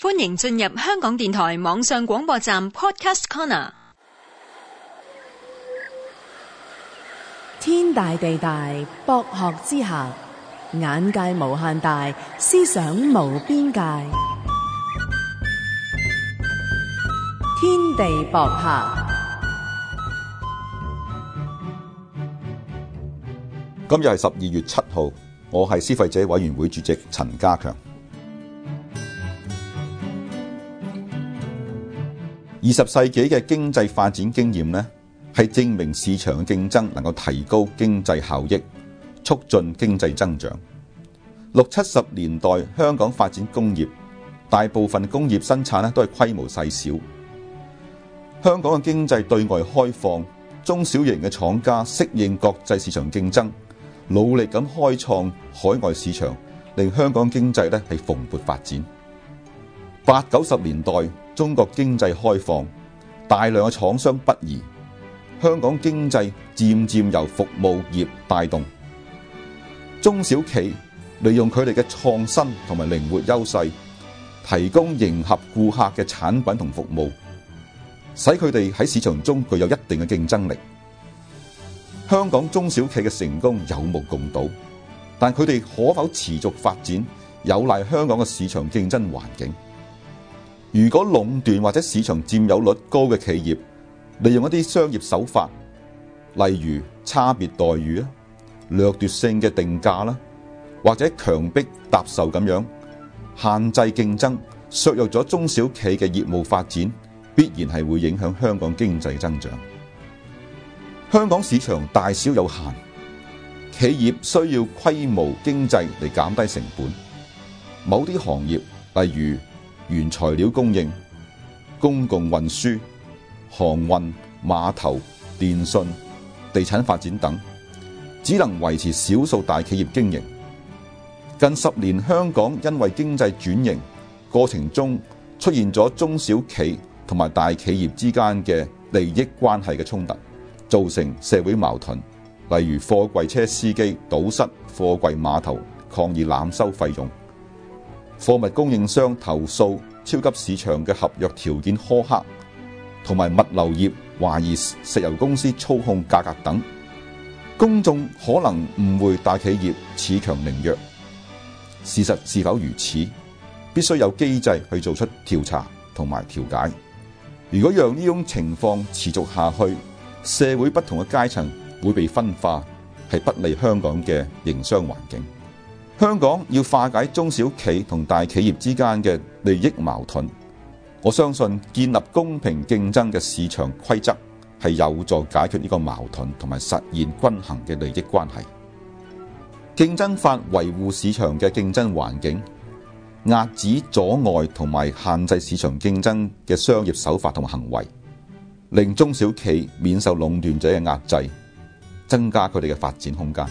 歡迎進入香港電台網上廣播站 Podcast Corner。天大地大，博學之下，眼界無限大，思想無邊界。天地博客。今日係十二月七號，我係消費者委員會主席陳家強。二十世紀嘅經濟發展經驗呢，係證明市場競爭能夠提高經濟效益，促進經濟增長。六七十年代香港發展工業，大部分工業生產呢都係規模細小。香港嘅經濟對外開放，中小型嘅廠家適應國際市場競爭，努力咁開創海外市場，令香港經濟咧係蓬勃發展。八九十年代，中國經濟開放，大量嘅廠商不移，香港經濟漸漸由服務業帶動。中小企利用佢哋嘅創新同埋靈活優勢，提供迎合顧客嘅產品同服務，使佢哋喺市場中具有一定嘅競爭力。香港中小企嘅成功有目共睹，但佢哋可否持續發展，有賴香港嘅市場競爭環境。如果壟斷或者市場佔有率高嘅企業，利用一啲商業手法，例如差別待遇啊、掠奪性嘅定價啦，或者強迫搭售咁樣，限制競爭，削弱咗中小企嘅業務發展，必然係會影響香港經濟增長。香港市場大小有限，企業需要規模經濟嚟減低成本。某啲行業，例如原材料供應、公共運輸、航運、碼頭、電信、地產發展等，只能維持少數大企業經營。近十年，香港因為經濟轉型過程中出現咗中小企同埋大企業之間嘅利益關係嘅衝突，造成社會矛盾，例如貨櫃車司機堵塞貨櫃碼頭抗議攬收費用。貨物供應商投訴超級市場嘅合約條件苛刻，同埋物流業懷疑石油公司操控價格等，公眾可能誤會大企業恃強凌弱。事實是否如此，必須有機制去做出調查同埋調解。如果讓呢種情況持續下去，社會不同嘅階層會被分化，係不利香港嘅營商環境。香港要化解中小企同大企業之間嘅利益矛盾，我相信建立公平競爭嘅市場規則係有助解決呢個矛盾同埋實現均衡嘅利益關係。競爭法維護市場嘅競爭環境，遏止阻礙同埋限制市場競爭嘅商業手法同行為，令中小企免受壟斷者嘅壓制，增加佢哋嘅發展空間。